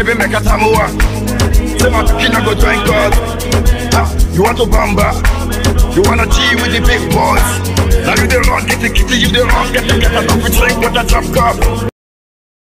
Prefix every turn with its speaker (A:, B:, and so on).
A: Shebe make a Samoa. Say my pikin I go join God. Ah, you want to bamba? You wanna G with the big boys? Now you the run, get the kitty, you the run, get the get a It's like what a drop cop.